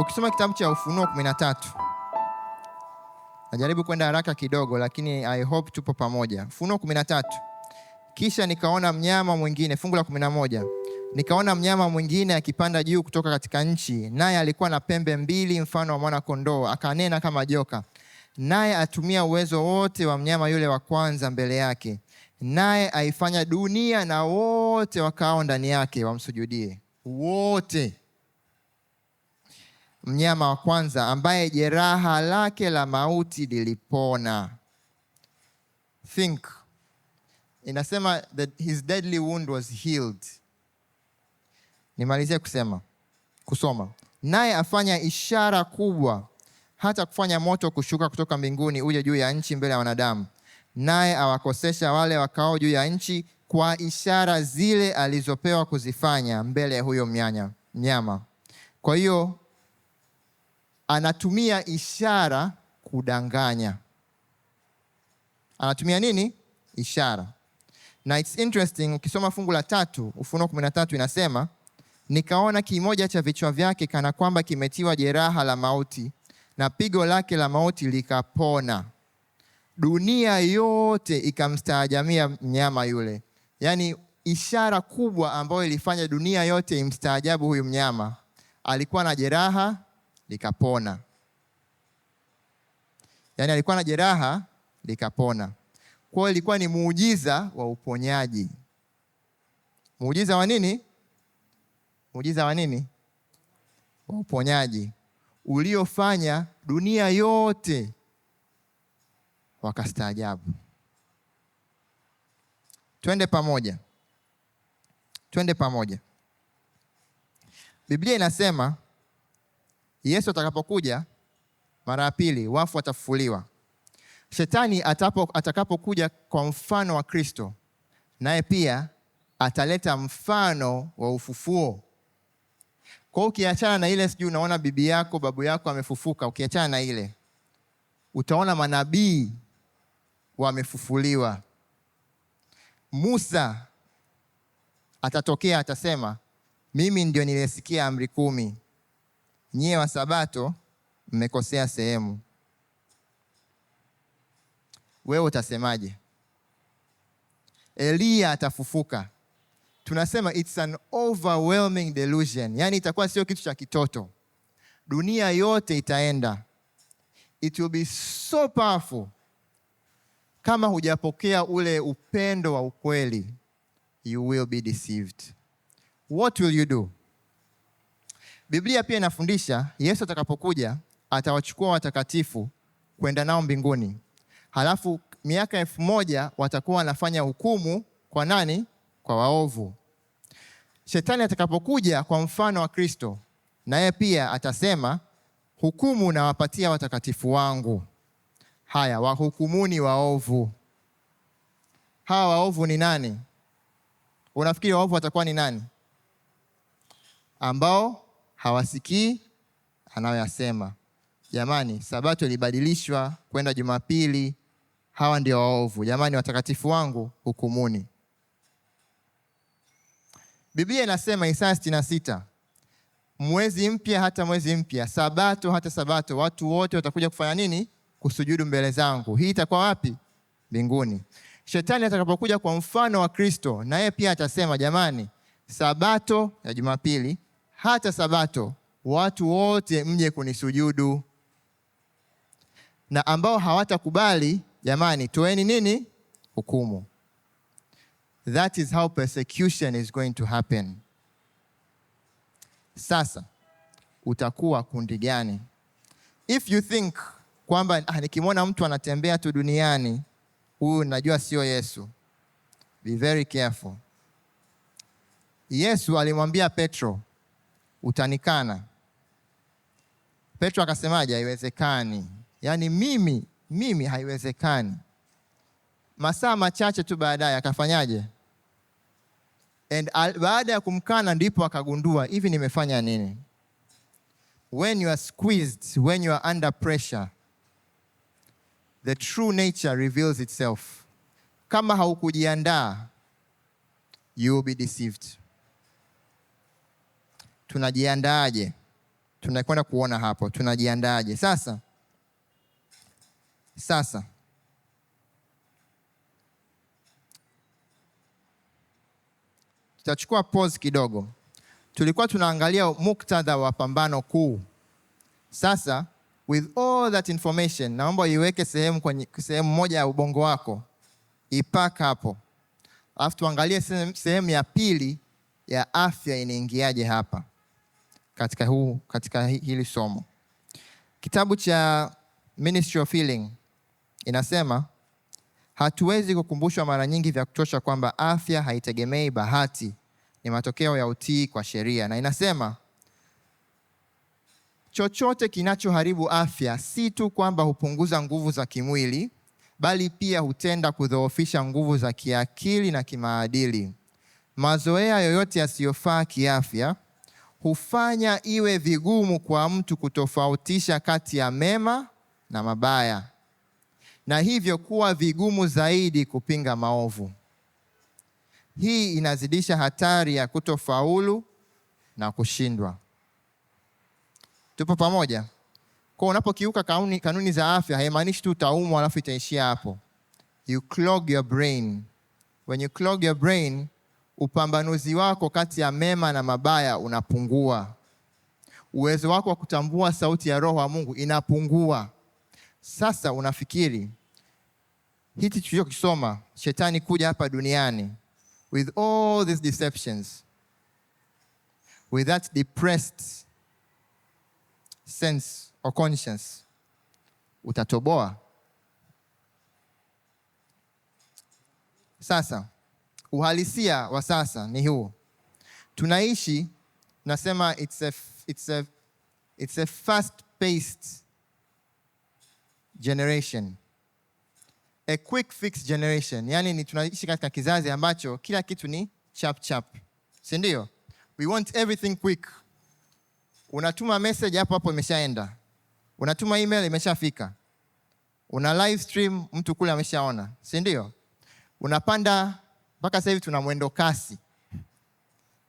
Ukisoma kitabu cha Ufunuo 13. Najaribu kwenda haraka kidogo, lakini I hope tupo pamoja. Ufunuo 13. Kisha nikaona mnyama mwingine, fungu la 11. Nikaona mnyama mwingine akipanda juu kutoka katika nchi, naye alikuwa na pembe mbili mfano wa mwana kondoo, akanena kama joka, naye atumia uwezo wote wa mnyama yule wa kwanza mbele yake, naye aifanya dunia na wote wakao ndani yake wamsujudie wote mnyama wa kwanza ambaye jeraha lake la mauti lilipona. Think, inasema that his deadly wound was healed. Nimalizie kusema kusoma, naye afanya ishara kubwa, hata kufanya moto kushuka kutoka mbinguni uje juu ya nchi mbele ya wanadamu, naye awakosesha wale wakao juu ya nchi kwa ishara zile alizopewa kuzifanya mbele ya huyo mnyama. Kwa hiyo anatumia ishara kudanganya. Anatumia nini? Ishara. Na it's interesting, ukisoma fungu la tatu, Ufunuo kumi na tatu inasema nikaona kimoja cha vichwa vyake kana kwamba kimetiwa jeraha la mauti na pigo lake la mauti likapona. Dunia yote ikamstaajamia mnyama yule. Yaani, ishara kubwa ambayo ilifanya dunia yote imstaajabu huyu mnyama, alikuwa na jeraha likapona. Yaani alikuwa na jeraha likapona. Kwa hiyo ilikuwa ni muujiza wa uponyaji. Muujiza wa nini? Muujiza wa nini? Wa uponyaji uliofanya dunia yote wakastaajabu. Twende pamoja, twende pamoja. Biblia inasema Yesu atakapokuja mara ya pili, wafu watafufuliwa. Shetani atakapokuja kwa mfano wa Kristo, naye pia ataleta mfano wa ufufuo. Kwa hiyo ukiachana na ile sijui unaona bibi yako babu yako amefufuka, ukiachana na ile utaona manabii wamefufuliwa. Musa atatokea atasema, mimi ndio nilisikia amri kumi nyie wa Sabato mmekosea sehemu. Wewe utasemaje? Eliya atafufuka. Tunasema it's an overwhelming delusion, yaani itakuwa sio kitu cha kitoto. Dunia yote itaenda, it will be so powerful kama hujapokea ule upendo wa ukweli, you will be deceived. What will you do? Biblia pia inafundisha Yesu atakapokuja atawachukua watakatifu kwenda nao mbinguni, halafu miaka elfu moja watakuwa wanafanya hukumu kwa nani? Kwa waovu. Shetani atakapokuja kwa mfano wa Kristo, naye pia atasema, hukumu nawapatia watakatifu wangu, haya wahukumuni waovu. Hawa waovu ni nani? Unafikiri waovu watakuwa ni nani? ambao hawasikii anayoyasema. Jamani, sabato ilibadilishwa kwenda Jumapili. Hawa ndio waovu. Jamani, watakatifu wangu, hukumuni. Biblia inasema Isaya na sita mwezi mpya hata mwezi mpya, sabato hata sabato, watu wote watakuja kufanya nini? Kusujudu mbele zangu. Hii itakuwa wapi? Mbinguni. Shetani atakapokuja kwa mfano wa Kristo, na yeye pia atasema, jamani, sabato ya Jumapili hata Sabato, watu wote mje kunisujudu. Na ambao hawatakubali, jamani, toeni nini hukumu. That is how persecution is going to happen. Sasa utakuwa kundi gani? If you think kwamba ah, nikimwona mtu anatembea tu duniani huyu najua sio Yesu, be very careful. Yesu alimwambia Petro utanikana. Petro akasemaje? Haiwezekani, yaani mimi mimi, haiwezekani. Masaa machache tu baadaye akafanyaje? And baada ya kumkana ndipo akagundua hivi, nimefanya nini? When you are squeezed, when you are under pressure, the true nature reveals itself. Kama haukujiandaa, you will be deceived tunajiandaaje? Tunakwenda kuona hapo, tunajiandaaje sasa. Sasa tutachukua pause kidogo. Tulikuwa tunaangalia muktadha wa pambano kuu. Sasa with all that information, naomba iweke sehemu kwenye sehemu moja ya ubongo wako, ipaka hapo, alafu tuangalie sehemu ya pili ya afya inaingiaje hapa katika, huu, katika hili somo. Kitabu cha Ministry of Healing inasema hatuwezi kukumbushwa mara nyingi vya kutosha kwamba afya haitegemei bahati, ni matokeo ya utii kwa sheria, na inasema chochote kinachoharibu afya si tu kwamba hupunguza nguvu za kimwili, bali pia hutenda kudhoofisha nguvu za kiakili na kimaadili. Mazoea yoyote yasiyofaa kiafya hufanya iwe vigumu kwa mtu kutofautisha kati ya mema na mabaya, na hivyo kuwa vigumu zaidi kupinga maovu. Hii inazidisha hatari ya kutofaulu na kushindwa. Tupo pamoja? Kwa unapokiuka kanuni, kanuni za afya haimaanishi tu utaumwa alafu itaishia hapo. You clog your brain. When you clog your brain upambanuzi wako kati ya mema na mabaya unapungua. Uwezo wako wa kutambua sauti ya Roho wa Mungu inapungua. Sasa unafikiri hiki tulichokisoma, shetani kuja hapa duniani with all these deceptions, with that depressed sense or conscience, utatoboa? Sasa Uhalisia wa sasa ni huo tunaishi, nasema it's a, it's a, it's a fast-paced generation a quick fix generation, yani ni tunaishi katika kizazi ambacho kila kitu ni chap chap, si ndio? We want everything quick. Unatuma message hapo hapo imeshaenda, unatuma email imeshafika, una live stream mtu kule ameshaona, si ndio? Unapanda mpaka sasa hivi tuna mwendo kasi,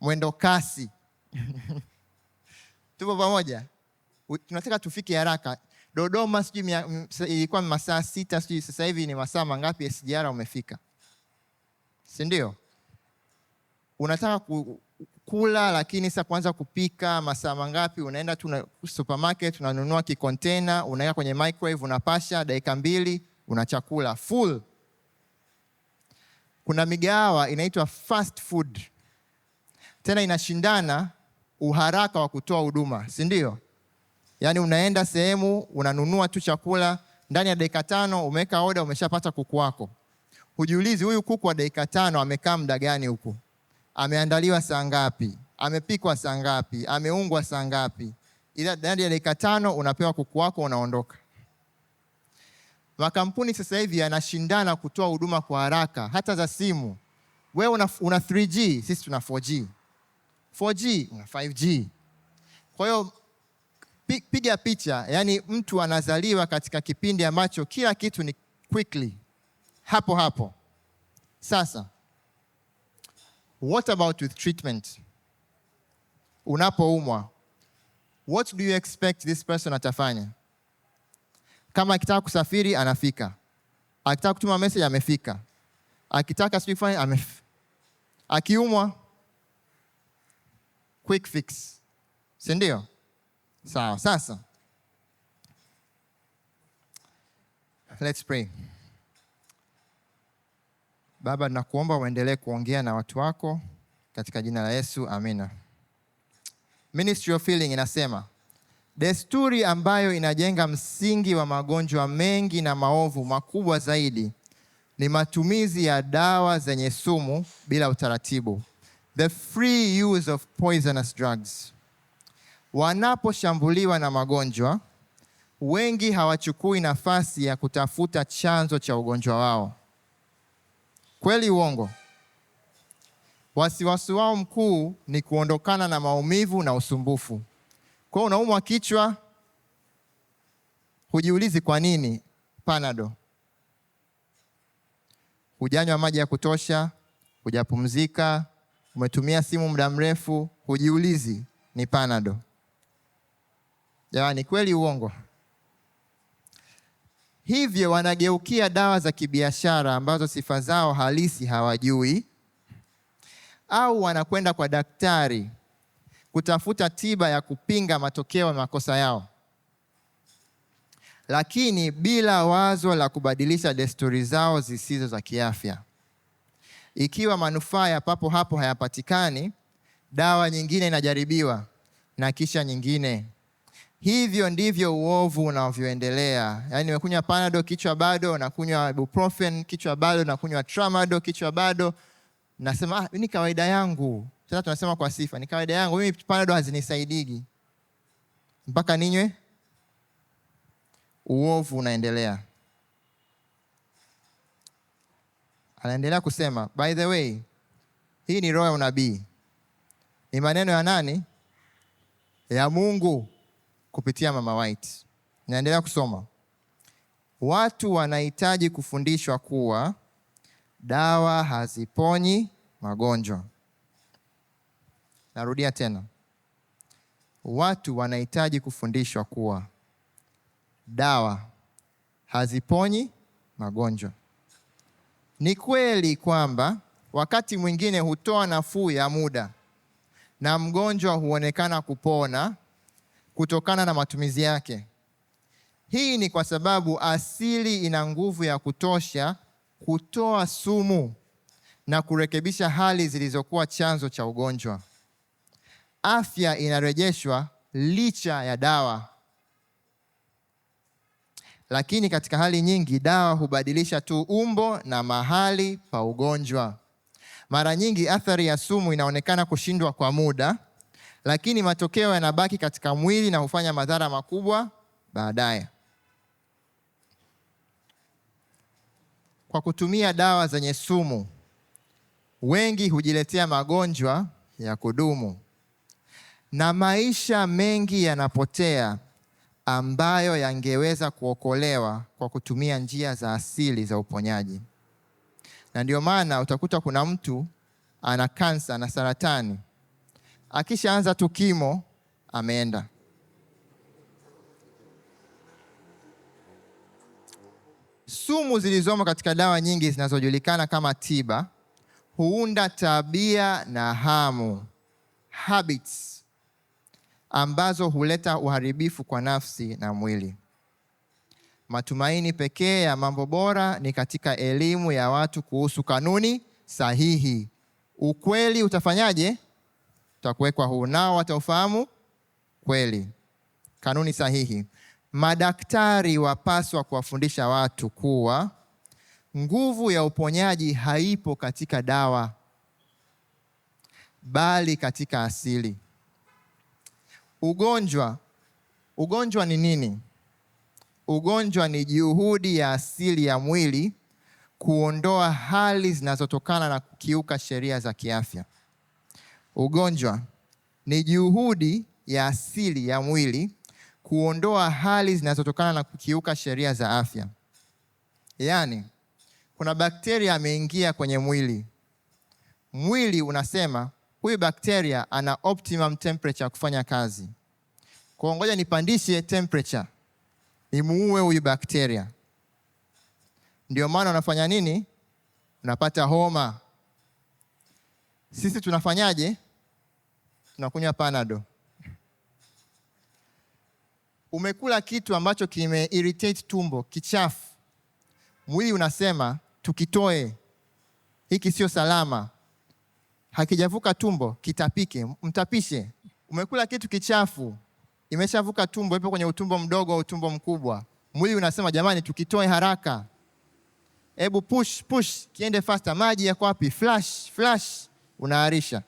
mwendo kasi tupo pamoja, tunataka tufike haraka. Dodoma sijui ilikuwa masaa sita, sijui sasa hivi ni masaa mangapi? SGR umefika, si ndio? Unataka kula, lakini sasa kuanza kupika masaa mangapi? Unaenda tu supermarket, unanunua kikontena, unaweka kwenye microwave, unapasha dakika mbili, una chakula full kuna migawa inaitwa fast food, tena inashindana uharaka wa kutoa huduma, si ndio? Yaani unaenda sehemu unanunua tu chakula, ndani ya dakika tano umeweka oda, umeshapata kuku wako. Hujiulizi huyu kuku wa dakika tano amekaa muda gani huku, ameandaliwa saa ngapi, amepikwa saa ngapi, ameungwa saa ngapi? Ila ndani ya dakika tano unapewa kuku wako, unaondoka. Makampuni sasa hivi yanashindana kutoa huduma kwa haraka, hata za simu. Wewe una, una 3G, sisi tuna 4G. 4G una 5G. Kwa hiyo piga picha, yani mtu anazaliwa katika kipindi ambacho kila kitu ni quickly hapo hapo. Sasa what about with treatment? Unapoumwa, what do you expect this person atafanya? Kama akitaka kusafiri anafika, akitaka kutuma message amefika, akitaka sifanye kufanya akiumwa quick fix, si ndio? Sawa, sasa let's pray. Baba, nakuomba uendelee kuongea na watu wako katika jina la Yesu, amina. Ministry of feeling inasema desturi ambayo inajenga msingi wa magonjwa mengi na maovu makubwa zaidi ni matumizi ya dawa zenye sumu bila utaratibu, the free use of poisonous drugs. Wanaposhambuliwa na magonjwa, wengi hawachukui nafasi ya kutafuta chanzo cha ugonjwa wao. Kweli uongo? Wasiwasi wao mkuu ni kuondokana na maumivu na usumbufu. Kwa unaumwa kichwa, hujiulizi kwa nini panado, hujanywa maji ya kutosha, hujapumzika, umetumia simu muda mrefu, hujiulizi ni panado. Jamani, kweli uongo? Hivyo wanageukia dawa za kibiashara ambazo sifa zao halisi hawajui, au wanakwenda kwa daktari kutafuta tiba ya kupinga matokeo ya makosa yao, lakini bila wazo la kubadilisha desturi zao zisizo za kiafya. Ikiwa manufaa ya papo hapo hayapatikani, dawa nyingine inajaribiwa na kisha nyingine. Hivyo ndivyo uovu unavyoendelea. Yaani, nimekunywa panado, kichwa bado, nakunywa ibuprofen, kichwa bado, nakunywa tramado kichwa bado nasema ah, ni kawaida yangu. Sasa tunasema kwa sifa, ni kawaida yangu mimi, panado hazinisaidigi mpaka ninywe. Uovu unaendelea. Anaendelea kusema, by the way, hii ni roho ya unabii, ni maneno ya nani? Ya Mungu kupitia Mama White. Naendelea kusoma, watu wanahitaji kufundishwa kuwa dawa haziponyi magonjwa. Narudia tena, watu wanahitaji kufundishwa kuwa dawa haziponyi magonjwa. Ni kweli kwamba wakati mwingine hutoa nafuu ya muda na mgonjwa huonekana kupona kutokana na matumizi yake. Hii ni kwa sababu asili ina nguvu ya kutosha kutoa sumu na kurekebisha hali zilizokuwa chanzo cha ugonjwa. Afya inarejeshwa licha ya dawa, lakini katika hali nyingi dawa hubadilisha tu umbo na mahali pa ugonjwa. Mara nyingi athari ya sumu inaonekana kushindwa kwa muda, lakini matokeo yanabaki katika mwili na hufanya madhara makubwa baadaye. kwa kutumia dawa zenye sumu, wengi hujiletea magonjwa ya kudumu na maisha mengi yanapotea ambayo yangeweza kuokolewa kwa kutumia njia za asili za uponyaji. Na ndio maana utakuta kuna mtu ana kansa na saratani, akishaanza tu kimo ameenda. Sumu zilizomo katika dawa nyingi zinazojulikana kama tiba huunda tabia na hamu habits, ambazo huleta uharibifu kwa nafsi na mwili. Matumaini pekee ya mambo bora ni katika elimu ya watu kuhusu kanuni sahihi. Ukweli utafanyaje? Utakuwekwa huu, nao wataufahamu kweli. Kanuni sahihi. Madaktari wapaswa kuwafundisha watu kuwa nguvu ya uponyaji haipo katika dawa, bali katika asili. Ugonjwa, ugonjwa ni nini? Ugonjwa ni juhudi ya asili ya mwili kuondoa hali zinazotokana na kukiuka sheria za kiafya. Ugonjwa ni juhudi ya asili ya mwili kuondoa hali zinazotokana na kukiuka sheria za afya. Yaani, kuna bakteria ameingia kwenye mwili, mwili unasema huyu bakteria ana optimum temperature kufanya kazi, kwa ngoja nipandishe temperature nimuue huyu bakteria. Ndio maana unafanya nini? Unapata homa. Sisi tunafanyaje? Tunakunywa panado umekula kitu ambacho kime tumbo, kichafu, mwili unasema tukitoe, hiki sio salama, hakijavuka tumbo, kitapike, mtapishe. Umekula kitu kichafu, imeshavuka tumbo, ipo kwenye utumbo mdogo au utumbo mkubwa, mwili unasema jamani, tukitoe haraka, hebu push push, kiende faster, maji yako wapi? Flash flash, unaarisha